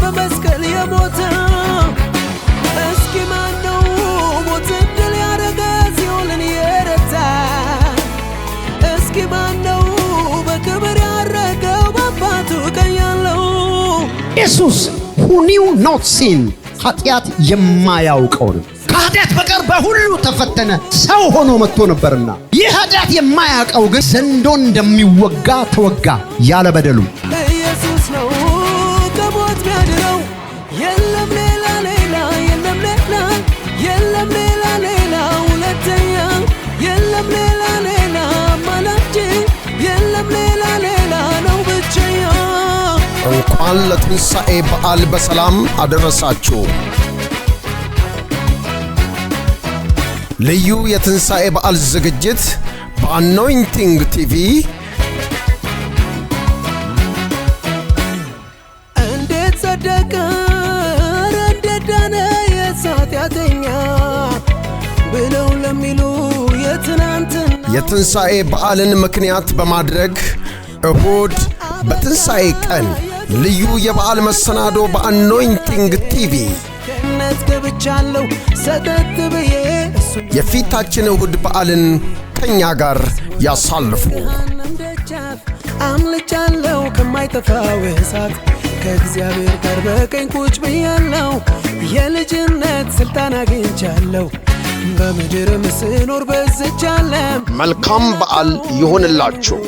በመስቀል የሞተው እስኪ ማነው ሞትን ድል ያደረገ ሲኦልን የረታ? እስኪ ማነው በክብር ያረገው በአባቱ ቀኝ ያለው ኢየሱስ who knew not ኃጢአት የማያውቀው ነው። ከኃጢአት በቀር በሁሉ ተፈተነ ሰው ሆኖ መጥቶ ነበርና ይህ ኃጢአት የማያውቀው ግን ዘንዶ እንደሚወጋ ተወጋ ያለ በደሉ እንኳን ለትንሣኤ በዓል በሰላም አደረሳችሁ። ልዩ የትንሣኤ በዓል ዝግጅት በአኖይንቲንግ ቲቪ እንዴት ጸደቀ እንዴት ዳነ ብለው ለሚሉ የትናንትና የትንሣኤ በዓልን ምክንያት በማድረግ እሁድ በትንሣኤ ቀን ልዩ የበዓል መሰናዶ በአኖይንቲንግ ቲቪ ገነት ገብቻለሁ ሰተት ብዬ የፊታችን እሁድ በዓልን ከእኛ ጋር ያሳልፉ። አምልቻለሁ ከማይጠፋው እሳት ከእግዚአብሔር ጋር በቀኝ ቁጭ ብያለው የልጅነት ሥልጣን አግኝቻለሁ። በምድርም ስኖር በዝቻለም። መልካም በዓል ይሆንላችሁ።